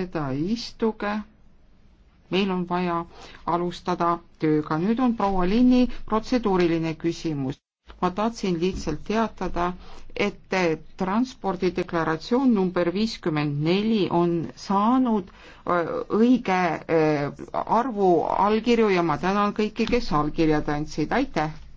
lugeda, istuge. meil on vaja alustada tööga. nüüd on proua Linni protseduuriline küsimus. ma tahtsin lihtsalt teatada, et transpordideklaratsioon number viiskümmend neli on saanud äh, õige äh, arvu allkirju ja ma tänan kõiki, kes allkirjad andsid, aitäh!